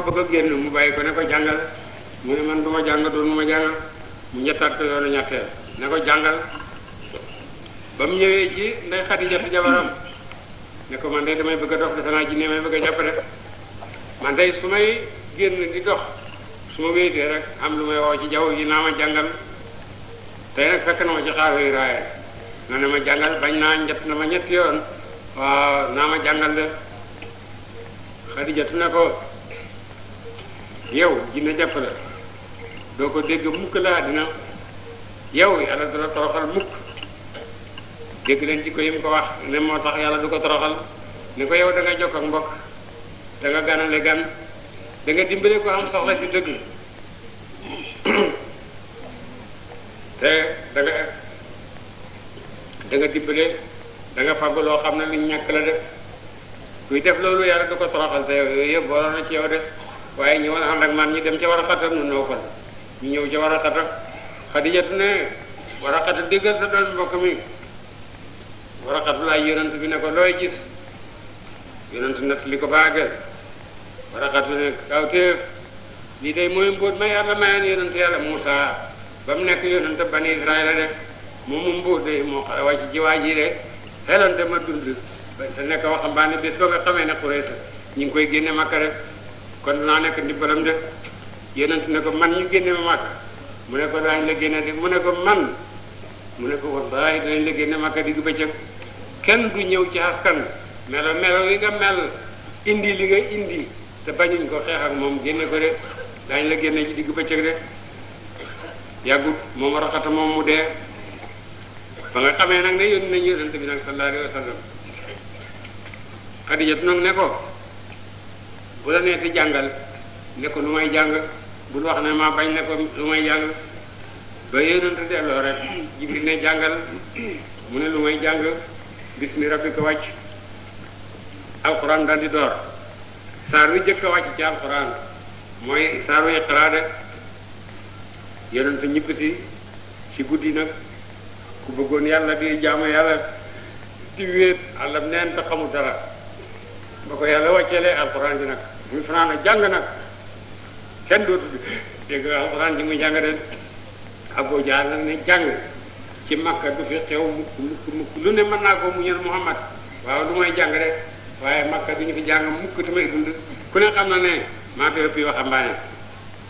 ba bëgg a mu bàyyi ko ne jàngal man du ma jàng doon ma jàngal mu ñettaat ko yoonu jàngal ba mu ñëwee ci nday ko man de damay bëgg a dox defe naa jinne bëgg a jàppale man de su may génn di dox su ma wéetee rek am lu may woo ci jaww ji naa ma jàngal tey nag fekk na ma ci xaaruy raaya na ma jàngal bañ naa ñett na ma ñetti yoon waaw naa ma jàngal de Xadijatu ne ko yow dina jàpp la doo ko dégg mukk laa dina yow yàlla du la toroxal mukk dégg leen ci ko yim ko wax ne moo tax yàlla du ko toroxal ne ko yow da nga jokk ak mbokk da nga ganale gan da dimbale ko am soxla ci dëgg te da danga da dimbale da nga loo xam ne lu ñàkk la def kuy def loolu yàlla du ko toroxal te yow yooyu yëpp waroon na ci yow def waaye ñi woon ànd maam man dem ca Waraqata mu Nawfal ñu ñëw ca Waraqata Xadijatu ne Waraqata déggal sa doom mbokk mi Waraqatu laaj bi ne ko looy gis yonent nett li ko baagal Waraqatu ne kawteef lii day ma yàlla mayoon nekk de moom mu mbóot de moo xale wàcc ci waa ji de xelante ma dund ba te nekk waxambaane bés ba nga xamee ne Quraysh ñu ngi koy génne ma rek kon naa nekk ndimbalam de yonent ne ko man ñu génne ma màkk mu ne ko daañu la génne de mu ne ko man mu ne ko wallaahi danañ la génne màkk digg bëccëg kenn du ñëw ci askan melo melo yi nga mel indi li nga indi te bañuñ ko xeex ak moom génne ko de daañu la génne ci digg bëccëg de yàggut moom raxata moom mu dee ba nga xamee nag ne yónni nañu yonent bi nag sallallahu alayhi wa sallam xadijatu nag ne ko bu la nee te jàngal ne ko lu may jàng bul wax ne maa bañ ne ko lu may jàng ba yéenante delloo rek Jibril ne jàngal mu ne lu may jàng bismi rabbika wàcc alquran dal di door saar wi jëkk wàcc ci alquran mooy saar wi iqra de yonent ñibbisi ci guddi nag ku bëggoon yàlla di jaamu yàlla di àllam neen te xamul dara ba ko yàlla wàccelee alquran bi nag muy fanaan a jàng nag kenn dootu dégg nga alxuraan ji la ne jàng ci Makka du fi xew mukk mukk mukk lu ne mën naa ko mu ñëw Muhammad waaw lu mooy jàng rek waaye Makka du ñu fi jàng mukk tamit dund ku ne xam na ne maa fi ëpp waxambaane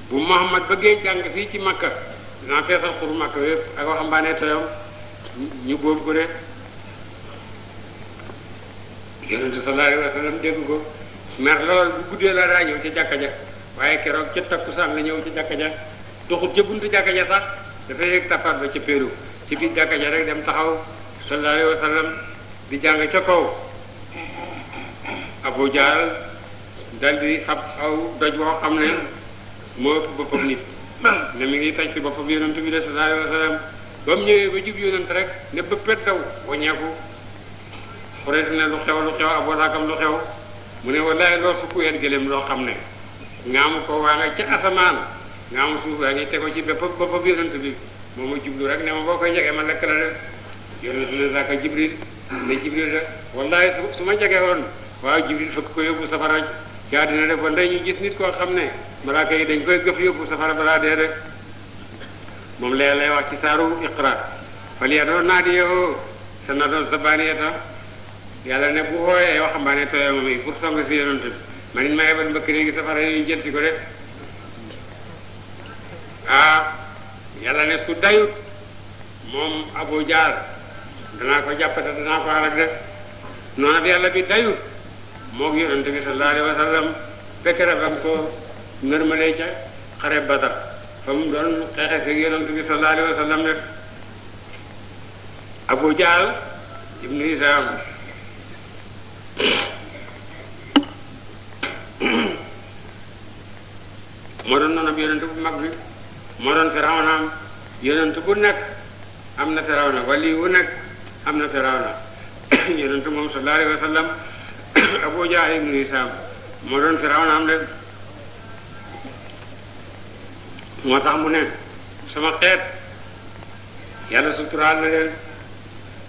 bu Muhammad bëggee jàng fii ci Makka dinaa feesal xuru Makka yëpp ak waxambaane toyom ñu góor ko de yonente sallallahu alayhi wa sallam dégg ko mer lool bu guddee la daa ñëw ca jàkka ja waaye keroog ca takkusaan la ñëw ca jàkka ja doxut ca buntu jàkka ja sax dafay yëg tappaat ba ca péeru ci biir jàkka ja rek dem taxaw sallallahu alayhi di jàng ca kaw Abu Jahl dal di ab aw doj woo xam ne moo ëpp boppam nit ne mi ngi taj si boppam yonent bi sallallahu alayhi wa sallam ba mu ñëwee ba jub yonent rek ne bëppet daw waññeeku xures ne lu xew lu xew Abu Lahab lu xew mu ne wallaay loo fukk weer gëléem loo xam ne ngaamu ko waa nga ca asamaan ngaamu suuf waa ngi tego ci bépp boppam yonent bi moom ma jublu rek ne ma boo koy jegee ma lekk la def yonent ne saaka jibril rek wallaay su ma jegee woon waaw jibril fekk ko yóbbu safara ci àddina def wala ñu gis nit koo xam ne malaaka yi dañ koy gëf yóbbu safara balaa dee rek moom lee lay wax ci saaru iqra fal yadoo naa di yow sa na doon sa baaniyata yàlla ne bu wooyee waxambaane tooyama mi pour song si yonent bi man it ma yebal mbëkk léegi safara yu jël si ko de ah yàlla ne su dayut moom Abu Jaal danaa ko jàppate danaa ko arak de noonu yàlla bi dayut moog yonent bi sallallahu alayhi wa sallam bekkere ba mu ko nërmalee ca xare Badar fa mu doon xeexe si yonent bi sallallahu alayhi wa sallam de Abu Jaal ibnu Isaam moo doon noonu yonent bu mag bi moo firawna am yonent nekk am na firawna wali wu nekk am na firawna yonent moom sallallahu alayhi wa Abu Jahl ibnu Hisam moo firawna am de moo tax mu ne sama xeet yàlla suturaal na leen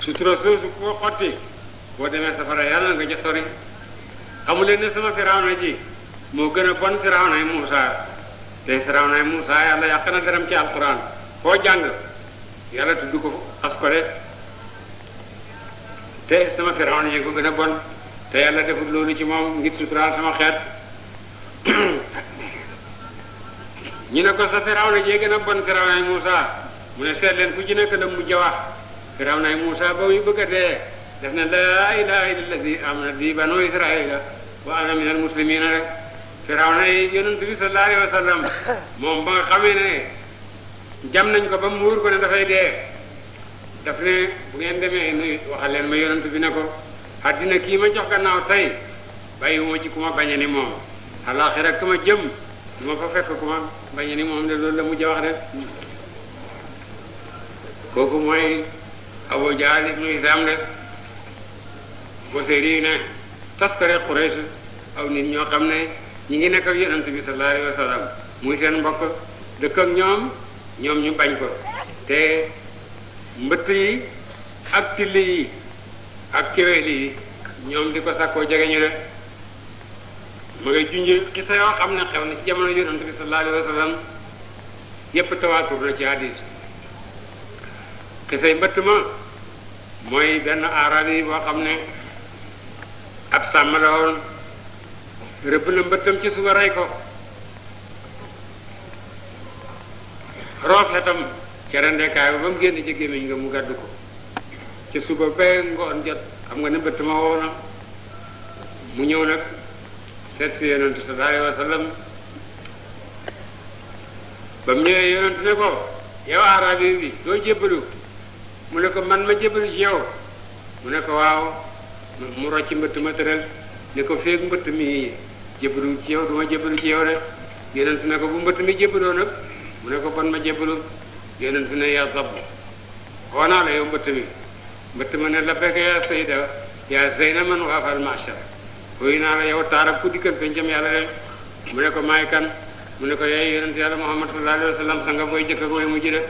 sutura soosu ko xotti boo demee safara yàlla nga ca sori xamu leen ne sama firawna ji moo gën a bon firawnay Muusa te firawnay Muusa yàlla yàq na deram ci alquran foo jàng yàlla tudd ko xas ko de te sama firawna ji ko gën a bon te yàlla yi loolu ci moom ngir suturaal sama xeet ñu ne ko sa firawna jee gën a bon firawnay Muusa mu ne seet leen ku ci nekk da mujj wax firawnay Muusa ba muy bëgg dee def na laa ilaha illa alladi amana bi banu israila wa ana min almuslimina rek firawna yi yonent bi sallallahu alayhi moom ba nga xamee ne jam nañ ko ba mu wóor ko ne dafay dee daf ne bu ngeen demee nu waxal leen ma yonent bi ne ko àddina kii ma jox gannaaw tey bàyyiwuma ci ku ma ni moom alaxira ku jëm du fa fekk ku ma ni moom de loolu la mujj wax de kooku mooy Abu ibnu Hisam de Buseyri ne taskare Quraysh aw nit ñoo xam ne ñi ngi nekk ak yonent bi sallallahu alayhi muy seen mbokk dëkk ak ñoom ñoom ñu bañ ko te mbëtt yi ak till yi ak kéwél yi ñoom di ko sàkkoo jege ñu de ma ngay junj xisa yoo xam ne xew na ci jamono yonent bi sallallahu alayhi wa sallam yépp tawaatur la ci hadis xisay mbëtt ma mooy benn yi boo xam ne ab sàmm la rëbb na mbëttam ci suba rey ko roof xetam ca rendekaay ba mu génn ci gémmiñ mu gàddu ko ci suba ba ngoon jot xam nga ne mbëtt mu ñëw nag seet si yonent sallallahu alayhi wa ba mu ñëwee yonent ne ko yow arabi bi doo jébbalu mu ne ko man ma jébbalu ci yow mu ne ko waaw mu rocc mbëtt ma tëral ne ko feeg mbëtt mi jébbalu ci yow duma jébbalu ci yow de yonent ne ko bu mbëtt mi jébbaloo nag mu ne ko ban ma jébbalu yonent ne yaa zab woo naa la yow mbëtt mi mbëtt ma ne la fekk yaa sayda yaa zeyna man waafal machar wuyu naa la yow taarab ku dikkal pencam yàlla de mu ne ko maay kan mu ne ko yaay yonent yàlla muhammad sallallahu jëkk ak mooy mujj de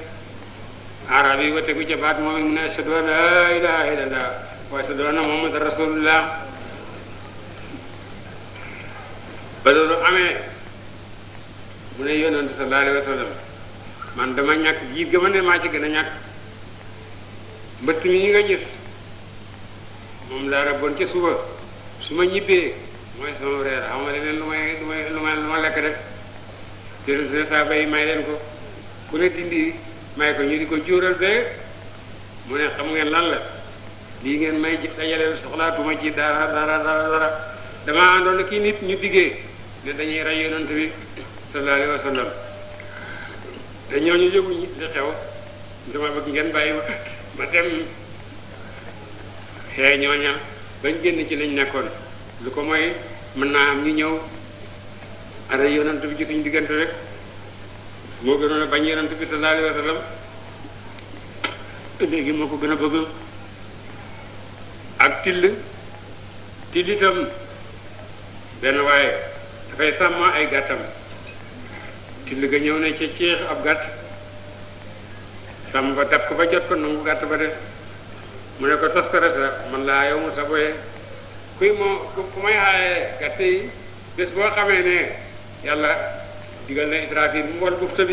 arab yi wate ku ca baat moom mu ne ashhadu an laa ilaaha illallah wa ashhadu anna muhammadan rasulullah ba loolu amee mu ne yonent sallallahu alayhi wa sallam man dama ñàkk jiit ga ma ne maa ci gën a ñàkk mbëtt mi ñu nga gis moom laa rabboon ca suba su ma ñibbee mooy sama reer xam nga lu may lu may lu ma lekk rek jërëjëf ne saa bay may leen ko ku ne dindi may ko ñu di ko juural bee mu ne xam ngeen lan la lii ngeen may dajaleel soxlaatuma ci dara dara dara dara dama àndoon kii nit ñu diggee ne dañuy rey yonent bi sallallahu alayhi wa sallam te ñooñu yëguñ li xew dama bëgg ngeen bàyyi ma dem xee ñooña bañ génn ci lañ nekkoon lu ko moy mën naa am ñu ñëw ara yonent bi ci diggante rek moo bañ yonent bi sallallahu alayhi ko gën a bëgg ak till till itam benn waaye dafay sàmm ay gàttam till ga ñëw ne ca ceex ab gàtt sàmm ba dab ko ba jot ko nangu gàtt ba de mu ne ko toskare sa man laa yow mu sa kuy moo ku may xaaye gàtt yi bés boo xamee ne yàlla digal na Israafil mu wol bufta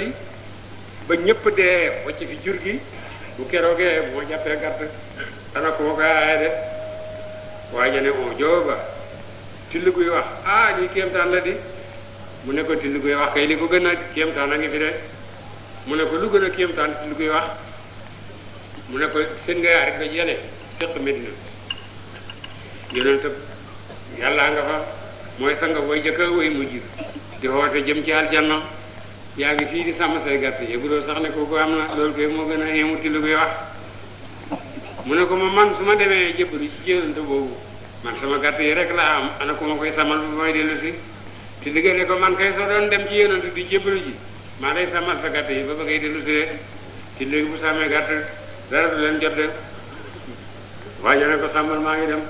ba ñëpp dee wacc fi jur gi bu keroogee bu ma jàppee gàtt dana ko ma koy xaaye de waaja ne o jooba till guy wax ah lii kéemtaan la di mu ne ko till guy wax kay li ko gën a kéemtaan a ngi fi de mu ne ko lu gën a kéemtaan till guy wax mu ne ko seen nga yaari ko yele séq medina yonent yàlla nga fa mooy sa nga woy jëkka woy mujj di woote jëm ci aljanna yaa ngi fii di sàmm say gàtt yëguloo sax ne ko am na loolu koy moo gën a yemu till guy wax mu ne ko ma man su ma demee jébbalu ci yonente boobu man sama gàtt yi rek la am ana ku ma koy samal bu may dellu si te digga ne ko man kay soo doon dem ci yonente di jébbalu ji maa lay samal sa gàtt yi ba ba ngay dellu si de te bu sàmmee gàtt dara leen jot de waaye ne ko sàmmal maa ngi dem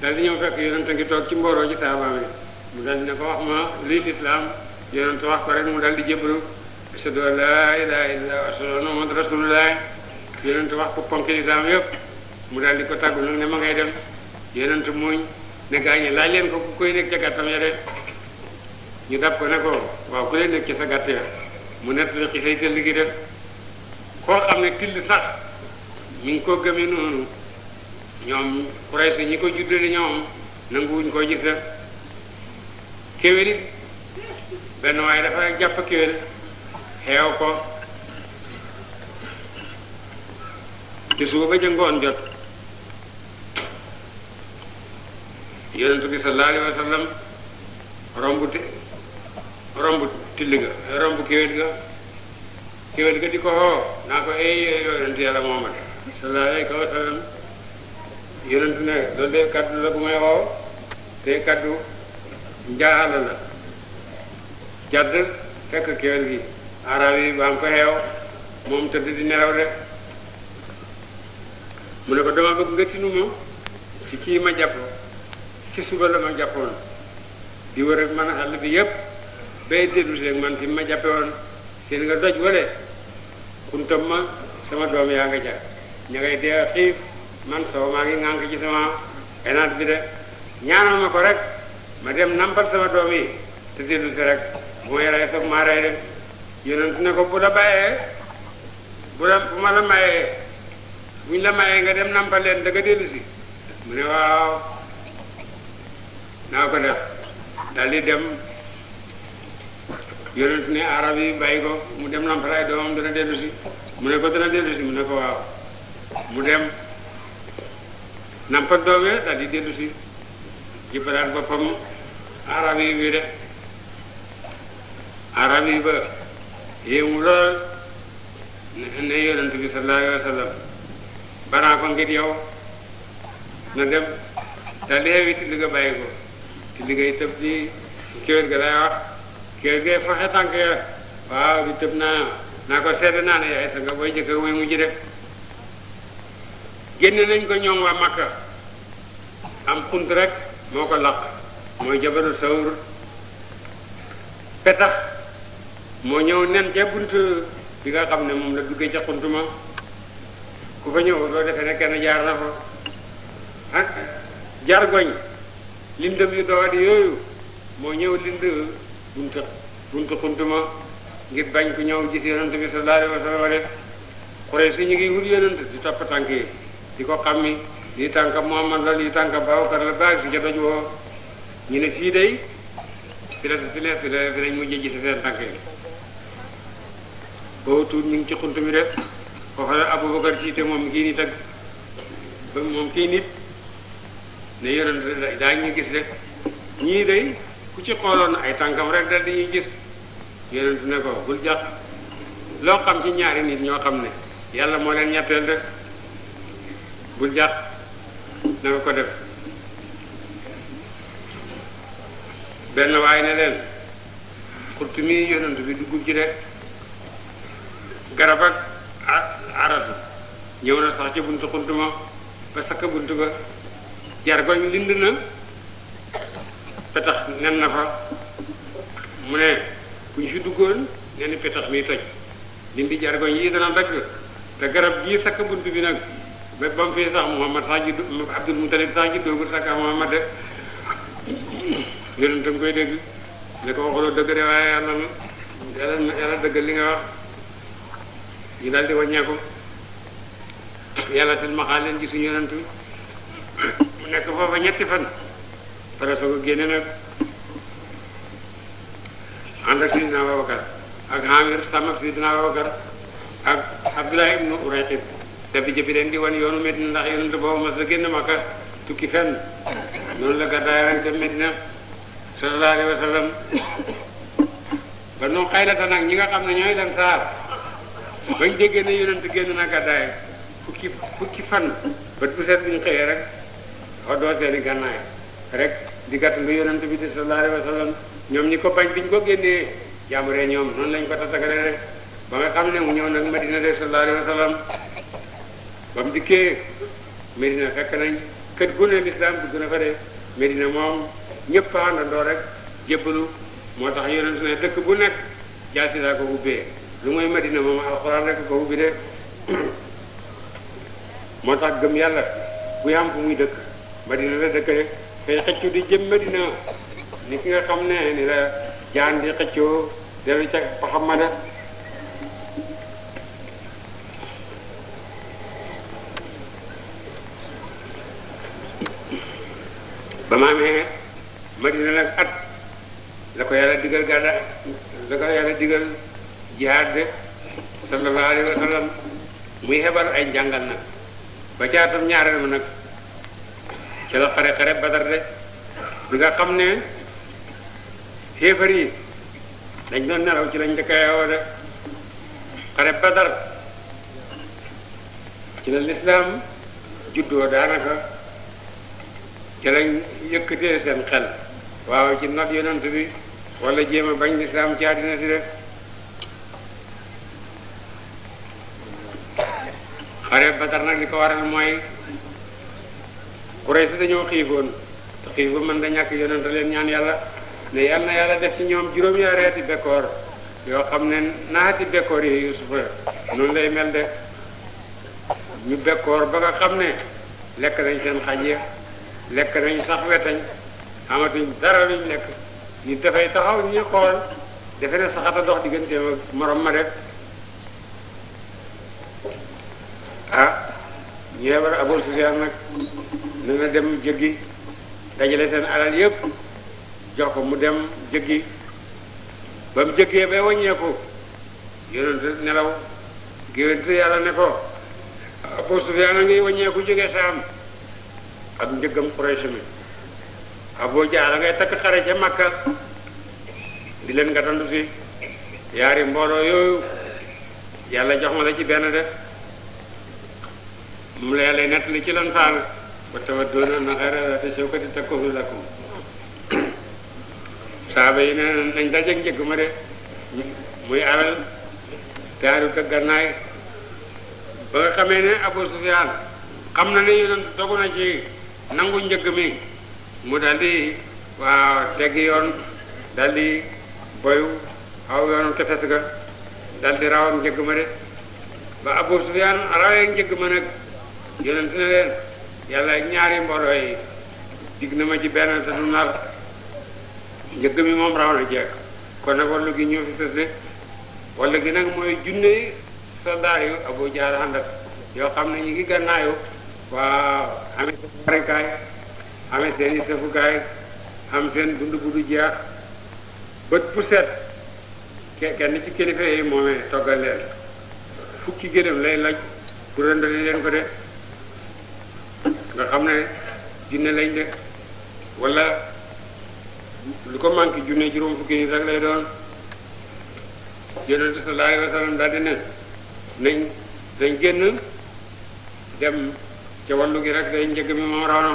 dal di ñëw fekk yonente ngi toog ci mbooroo ci saabaam yi mu dal ne ko wax ma lii lislaam yonente wax ko rek mu dal di jébbalu ashhadu an laa ilaaha wax ko ponk yëpp mu daal di ko tàggu nag ne ma ngay dem yonent mooñ ne gaa ñi laaj leen ko ku koy nekk ca gàttam ya de ñu dab ko ne waaw ku lay nekk ci sa gàtt ya mu nettali xisay tëll gi de koo xam ne till sax mi ngi ko gëmee noonu ko juddali ñoom koo gis kéwél it benn waaye dafa jàpp kéwél xeew ko ci suba ba jëngoon jot yonent bi sallallahu alayhi wa sallam romb te romb ga romb kéwét ga kéwét ga di ko xoo oh, naa ko ay eh, yonent yàlla Muhammad sallallahu alayhi wa sallam yonent ne loolu de kaddu bu may xoo te kaddu njaaxal jadd fekk kéwét gi arab yi ba ko xeew moom tëdd di nelaw de mu ne ko dama bëgg nga tinu ma ci kii ma jàpp ci suba la ma jàppoon di wër ak man àll bi yépp bay dellu si man fi ma jàppe woon seen nga doj wale kuntam ma sama doom yaa nga jàpp ña ngay dee xiif man soo maa ngi ŋànk ci sama enaat bi de ñaanal ma ko rek ma dem nampal sama doom yi te dellu si rek mooy rey soog maa rey de yonent ko bu la bàyyee bu la bu ma la mayee buñ la mayee nga dem nampal leen da nga dellu si mu ne waaw naa ko def dal di dem yonent ne arab yi bàyyi ko mu dem lamparaay doomam dana dellu mu ne ko dana dellu mu ne ko waaw mu dem nampak doom ya daal di dellu si jëppalaat arab yi bi de arab yi ba yéemu lool ne yonent bi sallallahu alayhi wa sallam ko ngir yow na dem daal di yeewiti bàyyi ko ci liggéey tëb di kéwél ga lay wax kéwél gee faxe tànk ya waaw di tëb naa naa ko seede naa ne yaay sa nga booy jëkk mooy mujj def génne nañ ko ñoom waa Makka am xunt rek moo ko laq mooy jabalu sawr petax moo ñëw nen ca bunt bi nga xam ne moom la duggee ca xunt ma ku fa ñëw doo defee ne kenn jaar na fa ak ah, goñ lindam yu dowaat yooyu moo ñëw lind bunta bunta xuntuma ngir bañ ku ñëw gis yonent bi sallallahu alayhi wa sallam def xure si ñu ngi wut yonent di topp tànk yi di ko xam ni lii tànka Muhammad la lii tànka Babacar la baag si ca doj woo ñu ne fii day fi la fi la fi la fi lañ mujjee gis seen tànk yi boobu tuut ñu ngi ci xunt mi rek foofa la Abubakar ciite moom kii nit ak moom kii nit ne yonent daañu gis rek ñii day ku ci xooloon ay tànkam rek da dañuy gis yonent ne ko bul jàpp loo xam ci ñaari nit ñoo xam ne yàlla moo leen ñetteel rek bul jàpp na ko def benn waaye ne leen xurtu mi yonent bi duggub ci rek garab ak aratu ñëw na sax ci buntu xuntu ma ba sakk buntu ba jargoñ lind na petax nen na fa mu ne bu ñu fi duggoon nen petax mi toj lindi jargoñ yi dana dagg te garab gii sakk bunt bi nag ba bam fii sax Muhammad sax ji Abdul Mutalib sax ji doogul Muhammad de yonent tam koy dégg ne ko waxuloo dëgg de waaye yàlla yàlla li nga wax ñu daal di wàññeeku yàlla seen maxaa leen ci suñu mu nekk foofa ñetti fan pare soo ko génne nag ànd ak Sidina Abubakar ak Amir sàmmab Sidina Abubakar ak Abdullah ibnu Urayqib te bi jëppi leen di wan yoonu Medina ndax yonent boobu mas a génn Makka tukki fenn noonu la gàddaay ren ca Medina sallallahu alayhi wa ba nu xaylata nag ñi nga xam ne ñooy lan saar bañ déggee ne yonent génn na gàddaay fukki fukki fan bët bu set bu xëyee rek oddoo seeni gànnaay rek di gàttandu yonent bi di sallallahu alayhi wa sallam ñoom ñi ko bañ biñ ko génnee jàmburee ñoom noonu lañ ko tatagale rek ba nga xam ne mu ñëw nag Medina de sallallahu alayhi wa sallam ba mu dikkee Medina fekk nañ kër gu ne lislaam dugg na fa de Medina moom ñëpp a àndandoo rek jébbalu moo tax yonent ne dëkk bu nekk jaasi ko ubbee lu mooy Medina moom alxuraan rek ko ubbi de moo tax gëm yàlla buy am fu muy dëkk Madina la dëkk de fay xëccu di jëm Madina ni nga xam ne ni la jaan di xëccoo dellu ca Muhammada ba ma amee Madina la at la ko yàlla digal gàdda la ko yàlla digal jihaad de sallallahu alayhi muy xebar ay njàngal nag ba caatam ñaareel ma nag ci la xare xare badar de bi nga xam ne xéefar yi dañ doon nelaw ci lañ njëkk a de xare badar ci la lislaam juddoo daanaka ci lañ yëkkatee seen xel waaw ci not yonent bi wala jéem a bañ lislaam ci àddina si de xare badar nag li ko waral mooy Quraysh dañoo xiifoon te xiif mën nga ñàkk yonent leen ñaan yàlla ne yàlla na yàlla def ci ñoom juróom-ñaari ati bekkoor yoo xam ne naati bekkoor yi Yusufa noonu lay mel de ñu bekkoor ba nga xam ne lekk nañ seen xaj ya lekk nañ sax wetañ amatuñ dara luñ lekk nit dafay taxaw ñuy xool defe ne saxata dox digganteem ak morom ma rek ah ñeebar Abu Sufyaan nag dana dem jéggi dajale seen alal yépp jox ko mu dem jéggi ba mu jëkkee bay wàññeeku yonent nelaw géwént yàlla ne ko Abu Sufyaan a ngay wàññeeku jóge saam ak njëggam Quraysh mi Abu a ngay takk xare ca Makka di leen nga tandu si yaari mbooloo yooyu yàlla jox ma la ci benn de mu la yàlla nettali ci lan faal watawaddoona na xayra zaati shawkatin takunu lakum saaba yi nee nañ dajeeg njëgg ma muy alal te àndut gannaay ba nga xamee ne Abu Sufyaan xam na ne yonent na ci nangu njëgg mi mu daldi waaw teggi yoon daldi boyu xaw yoonu ca fes ga daldi raw ak njëgg ma de ba Abu Sufyaan rawee njëgg ma nag yonent na leen yàlla ñaari mbooloo yi na ma ci benn te du nar njëkk mi moom raw na jeex kon nag wàllu gi ñoo fi sës de gi nag mooy junne soldat yu Abu Jahl àndak yoo xam ne ñu ngi gànnaayu waaw amee seen sëfukaay am seen dund bu du jeex bët bu set kenn ci kilifa yi moomee toggal fukki gëdëm lay laj pour rëndali leen ko de nga xam ne junne lañ de wala lu ko manqué junne juróom fukki nit rek lay doon yonente sallallahu alayhi wa sallam daal nañ dañ génn dem ca wàllu gi rek day njëg mi moom rawno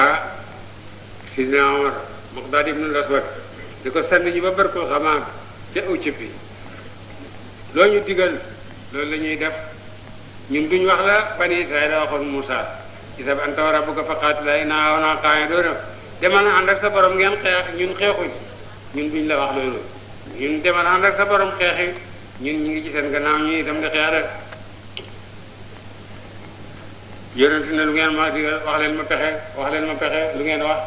ah sidna Omar Muqdad ibn al-Aswad di ko senn ji ba bër ko xamaa ca aw cëppi loo ñu digal loolu la def ñun duñ wax la bani israila waxoon Musa isab anta wa rabbuka faqaatila innaa haahunaa qaa'iduun demal ànd sa borom ngeen xeex ñun xeexuñ ñun duñ la wax loolu ñun demal ànd ak sa borom xeexi ñun ñu ngi ci seen gannaaw ñu itam di xeex rek yonent ne lu ngeen ma wax leen ma pexe wax leen ma pexe lu ngeen wax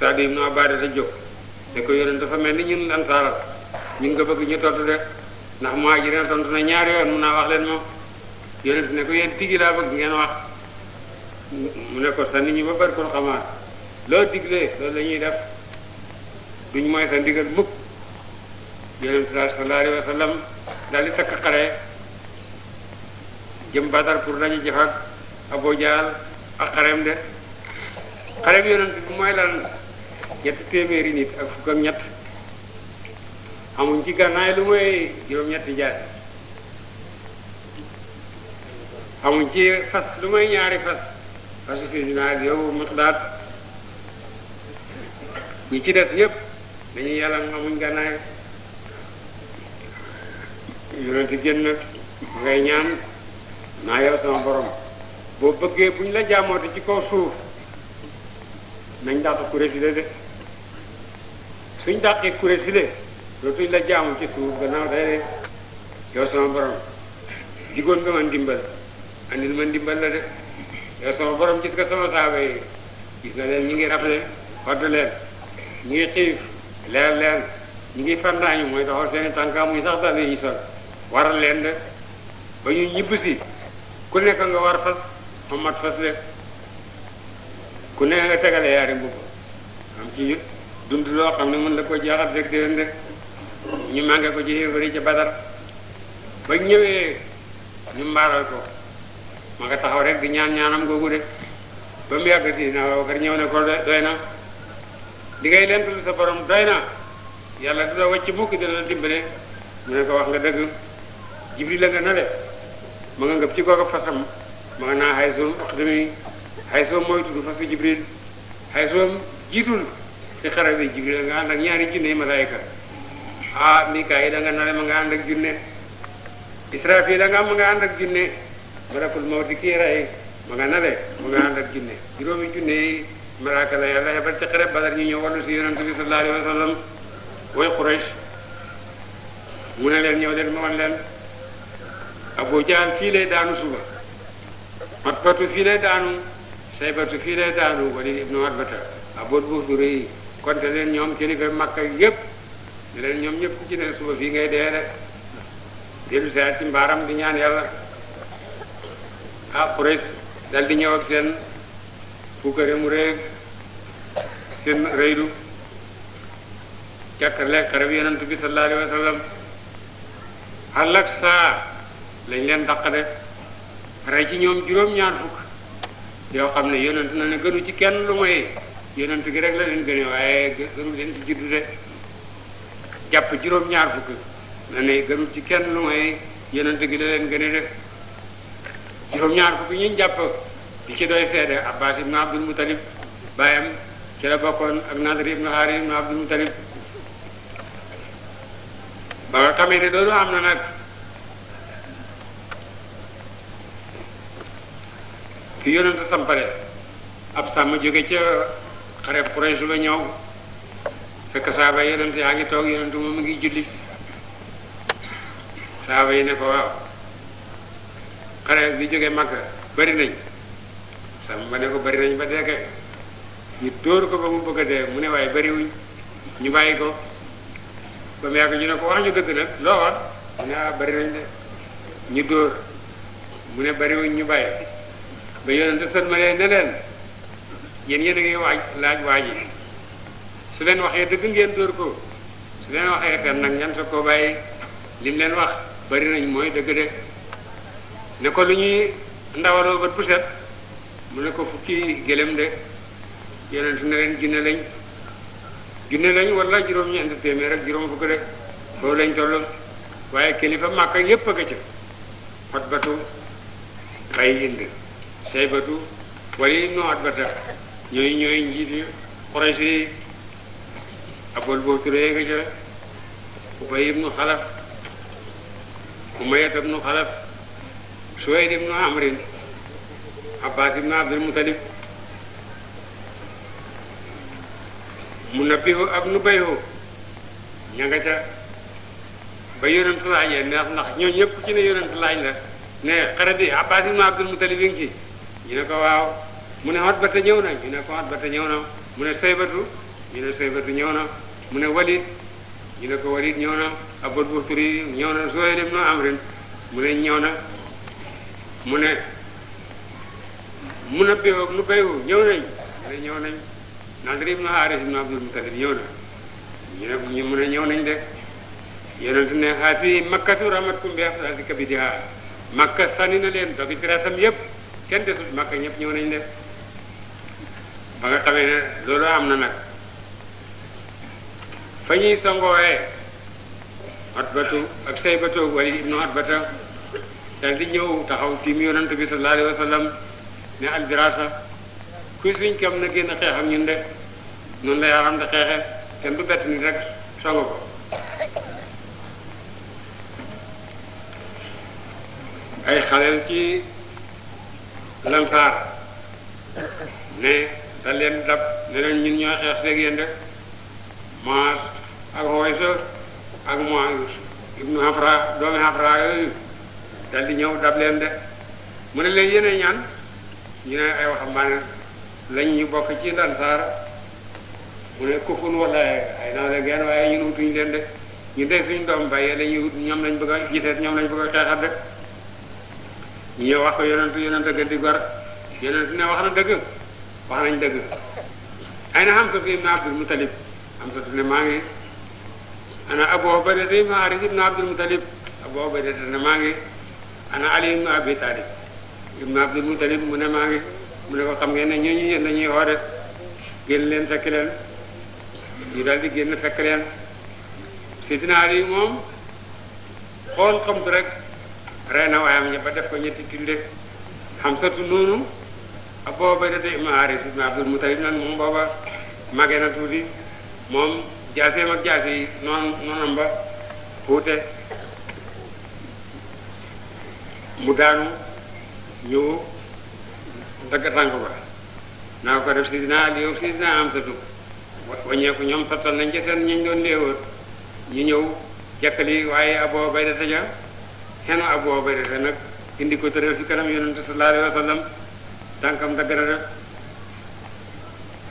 Saad ibn Ubaada jóg ne ko yonent dafa mel ni ñun ansaaral ñu ngi ko bëgg ñu tontu de ndax muhajirina tontu na ñaari yoon mun naa wax leen moom yonent ne ko yéen tigi laa bëgg ngeen wax mu ne ko sa nit ñi ba bari kon xamaat loo diglee loolu la ñuy def duñ mooy sa ndigal mukk yonent sallallahu alayhi wa sallam daal di fekk xare jëm Badar pour dañu jëf ak Abu Jahl ak xareem de xareem mooy lan ñetti téeméeri nit ak fukk ñett amuñ ci gànnaay lu mooy juróom-ñetti jaasi amuñ ci fas lu mooy ñaari fas fas Seydina ak yow Miqdaad ñi ci des ñëpp dañuy yàlla amuñ gànnaay yonente génn ngay ñaan naa yow sama borom boo bëggee buñ la jaamooti ci kaw suuf nañ dàq kuré si de suñ dàqee kuré si de lu tuñ la jaamu ci suuf gannaaw day de yow sama borom digoon nga man dimbal andil man dimbal la de yow sama borom gis nga sama saaba yi gis nga leen ñi ngi rafle faddu leen ñi ngi xiif leer leer ñi ngi fandaañu mooy doxal seeni tànkaa muy sax dal yi sol waral leen de ba ñu ñibb si ku nekk nga war fas ma mat fas de ku nekk nga tegale yaari mbubb am ci dund loo xam ne mën la ko jaaxal rek déwén de ñu mànge ko ci xéefari ci badar ba ñëwee ñu mbaaral ko ma nga taxaw rek di ñaan ñaanam googu de ba mu yàgg si na waaw kër ko na di ngay lentul sa borom doy yàlla dina wàcc mukk dina dimbale mu ne ko wax nga dëgg jibli la nga na de ma nga ngëb ci kooku fasam ma nga naa xaysoom wax demi xaysoom mooy tudd fasu jibril xaysoom jiitul ci xare bi jibril nga ànd ak ñaari junne yi malaayika ah yi nga nale mu nga ànd ak junne Israfil la nga ma nga ànd ak junne malakul mawti kii rey ma nga nale ma nga ànd ak junne juróomi junne yi malaaka la yàlla yebal ci xareb Badar ñu ñëw wallu si yonent bi way Quraysh mu ne leen ñëw leen ma wan leen Abu Jahl fii lay daanu suba Matbatu fii lay daanu Saybatu fii lay daanu Walid ibnu Matbata abot buuf du rëy konte leen ñoom kilifa Makka yépp ne ñoom ñépp ci ne suba fii ngay dee de dellu saa ci mbaaram di ñaan yàlla ah Quraysh dal di ñëw ak seen fukkare mu réeg seen rëydu càkkarle xare bi yonent bi sallallahu alayhi saa lañ leen daq de rey ci ñoom juróom-ñaar fukk yoo xam ne yonent na ne gënu ci kenn lu may yonent gi rek la leen gëne waaye gënu leen ci juddu de jàpp juróom-ñaar fukk na ne gënul ci kenn lu may yonent gi la leen gën a def juróom-ñaar fukk ñuñ jàpp di ci doy seede abbas ibnu abdul mutalib bàyyam ci la bokkoon ak nadr ibnu haari abdul mutalib ba nga xamee ne loolu am na nag fi yonent sampare ab sàmm jóge ca xareb Quraysh ñëw fekk saaba yonent yaa ngi toog yonent moom a ngi julli saaba yi ne ko waaw xare bi jóge Makka bari nañ sam ba ne ko bari nañ ba deeke ñu dóor ko ba mu bëgg a dee mu ne waaye bariwuñ ñu bàyyi ko ba mu ñu ne ko wax ñu dëgg nag loo ne ah bari nañ de ñu dóor mu ne bariwuñ ñu bàyyi ba yonent ma ne leen yéen yéen a ngi waaj laaj waaj yi su leen waxee dëgg ngeen dóor ko su leen waxee fen nag ngeen sa koo bàyyi lim leen wax bari nañ mooy dëgg de ne ko lu ñuy ndawaloo bët bu set mu ne ko fukki gëlëm de yonent ne leen ginne lañ ginne lañ wala juróom-ñeenti téeméer ak juróom fukk de foofu lañ toll waaye kilifa màkka yépp a nga ca xot batu xay ind say batu wala noot bata ñooy ñooy njiiti xorosi abol boobu turée nga ca ubay ibnu xalaf umayat ibnu xalaf suwayd ibnu amrin abbas ibnu abdul mutalib mu nabbihu ab nu bayhu ña nga ca ba yonentu laaj ñoo ñëpp ci ne yonentu laaj la ne xare bi abbas ibnu abdul mutalib yi ngi ci ne ko waaw mu ne xot ba te ñëw na ñu ne ko xot ba te ñëw na mu ne saybatu ñu ne saybatu ñëw na mu ne walid ñu ne ko walid ñëw na abul buxturi ñëw na Zuhayr ibn Amr mu ne ñëw na mu ne mun a béyoog nu béyu ñëw nañ mu ne ñëw nañ Nadir ibn Haris ibn Abdul ñëw na ñu ne ñu mu ne ñëw nañ de yonent ne haati makkatu rahmatkum bi afdali kabidiha makka sànni na leen yëpp kenn desut makka ñëpp ñëw nañ de ba nga xamee ne am na fa ñuy sangooyee atbatu ak saybatu walid ibnu atbata dal di ñëw taxaw tiim yonent bi sallallahu alayhi wa sallam ne albirasa kuy suñ kam na ak ñun de noonu la yaaram de xeexe kenn du bett ni rek songo ko ay xaleel ci lansaar ne da leen dab ne leen ñun ñoo xeex seeg yéen de Muaz ak Uwaysa ak Muaz ibnu Hafra doomi Hafra yooyu dal di ñëw dab leen de mu ne leen yéene ñaan ñu ne ay waxambaane lañ ñu bokk ci Ansaar mu ne kufun wala ay naa leen geen waaye ñun wutuñu leen de ñu dee suñu doom bàyyee dañuy wut ñoom lañ bëgg a giseet ñoom lañ bëgg a xeexat de ñu ñëw wax ko yonentu yonent dëgg di gor yonent ne wax na dëgg wax nañ dëgg ay na xam ko fii ibn Abdul Hamza daf ne maa ngi ana Abu Ubayda ibn Haaris ibn Abdul Muttalib Abu Ubayda ne maa ngi ana Ali ibn Abi Talib ibn Abdul Muttalib ne maa ngi mu ne ko xam ngeen ne ñooñu yéen dañuy xoore génn leen fekk leen ñu daal di génn fekk leen Sidina moom xool xam rek rey na waayam ña ba def ko ñetti tilde Hamsatu noonu Abu Ubayda ibn Haaris ibn Abdul Muttalib nan moom booba màggee na tuuti moom jaaseem ak jaase yi noon noonam ba puute mu daanu ñu dagg tànk ba naa ko def sidina Ali ak sidina Amsatu waññeeku ñoom sottal nañ ca seen ñañ doon léewoon ñu ñëw jekkali waaye Abu Baydata ja xenu Abu Baydata nag indi ko tëral fi kanam yonente sallallahu alayhi wa tànkam dagg na def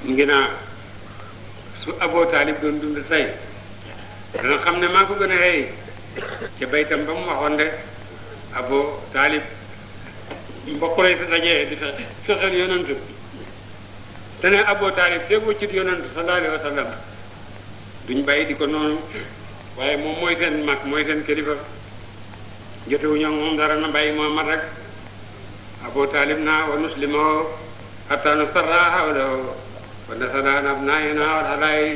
mu ngi naa su Abu Taalib doon dund tey dana xam ne maa ko gën a xëy ca baytam ba mu waxoon de Abu Taalib mbokk lay sa dajee di fexe fexeel yonent te ne Abu Taalib feegoo ci yonent sallallahu alayhi wa sallam duñ bàyyi di ko noonu waaye moom mooy seen mag mooy seen kilifa jotewuñu moom dara na bàyyi moo mat rek Abu Taalib naa wa nuslimoo hatta nustarra hawlahu wa nasanaan ab naayi naa wal xalaayi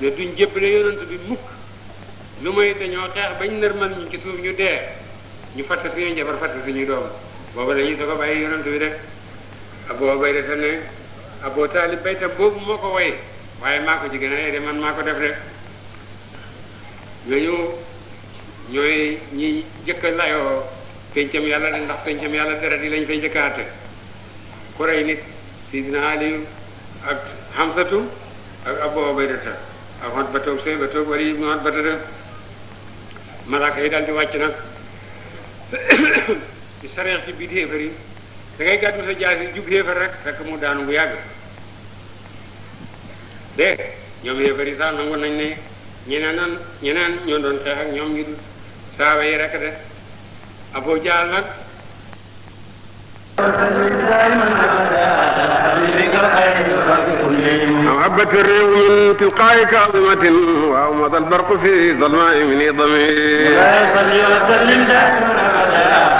ne duñ jébbale yonent bi mukk lu may dañoo xeex bañ nërmal ñu ci suuf ñu dee ñu fàtte suñuy njabar fàtte suñuy doom booba la ñuy soog a bàyyi yonent bi rek Abu Ubayda ne Abu Taalib baytam boobu moo ko way waaye maa ko ci gën de man maa ko def rek ñooñu ñooy ñi jëkk a layoo pencam yàlla ndax pencam yàlla deret yi lañ fay jëkkaate ku rey nit Sidina Aliyu ak Hamsatu ak Abu Ubaydata ak xot ba toog sëy ba mu xot ba tëdd yi daal di wàcc nag di sareex ci biir xéefar yi da gàddu sa jaas yi jug xéefar rek fekk mu daanu bu yàgg de ñoom xéefar yi sax nangu nañ ne ñeneen nan ñoo doon xeex ñoom ñu dul saaba yi rek de Abu Jaal nag هبت الريح من تلقاء كاظمة وأومض البرق في ظلماء من ضمير لا يصلي وسلم دائما أبدا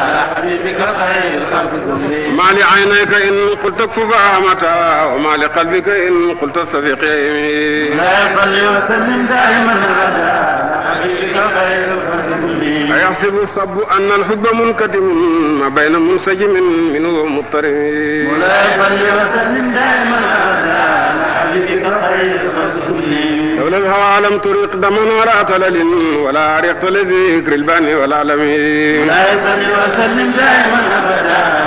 ما لعينيك إن قلت اكفف أمتا وما لقلبك إن قلت استفيق يمين لا يصلي وسلم دائما أبدا حبيبك خير الخلق أيحسب الصب أن الحب منكتم ما بين منسجم منه ومضطرب ولا يصلي وسلم دائما أبدا حبيبك خير لولا الهوى لم تريق دما ولا تلل ولا عرقت لذكر البان والعالمين لا يصلي وسلم دائما أبدا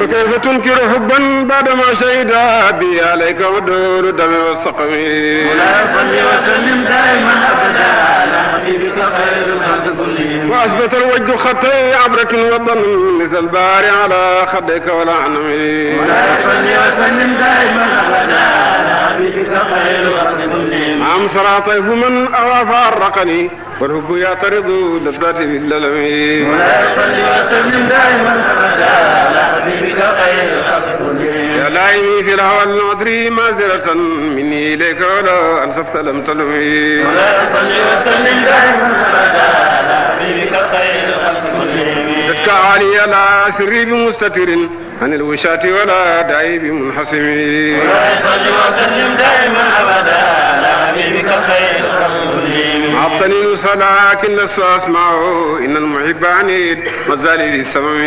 فكيف تنكر حبا بعدما شهد بي عليك ودور الدم والسقم ولا يصلي وسلم دائما أبدا وأثبت الوجد خطي عبرة وضم مثل الباري على خدك ولا عنمي ولا يصلي وسلم دائما أبدا عم سرع طيف من أوى فعرقني والحب يعترض للذات بالللم ولا يصلي وسلم دائما أبدا على حبيبك خير خلق مولاي في الهوى المدري معذرة مني إليك ولو أنصفت لم تلومي ولا صل وسلم دائما أبدا على حبيبك خير الخلق كلهم تتكى علي لا سري بمستتر عن الوشاة ولا داعي بمنحسم ولا صل وسلم دائما أبدا على حبيبك خير الخلق كلهم عطني الصلاة لكن لست أسمع إن المحب عني مازال ذي السمم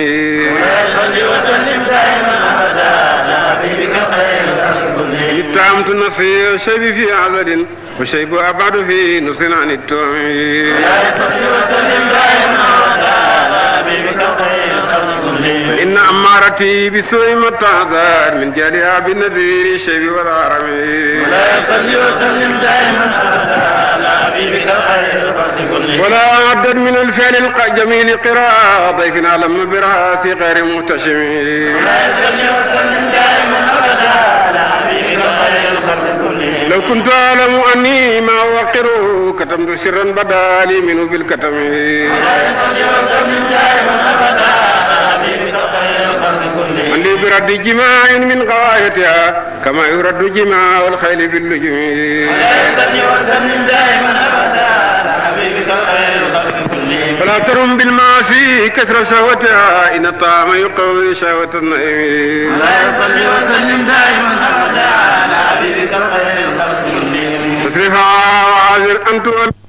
ولا صل وسلم دائما أبدا تامت نصير شيبي في عذر وشيب أبعد في نصر عن التوعي إن أمارتي بسوء ما تعذر من جالها بالنذير الشيب والعرم ولا يصلي وسلم دائما على حبيبك الخير ولا عدد من الفعل الجميل قراءة ضيف علم براسي غير محتشم ولا يصلي وسلم دائما كنت أعلم أني ما أوقره كتمت سرا بدا لي منه بالكتم من لي برد جماع من غايتها كما يرد جماع الخيل باللجم فلا ترم بالمعاصي كثر شهوتها إن الطعام يقوي شهوة النعيم لا يصلي وسلم دائما أبدا على حبيبك الخير رفعا وعازر أن تولى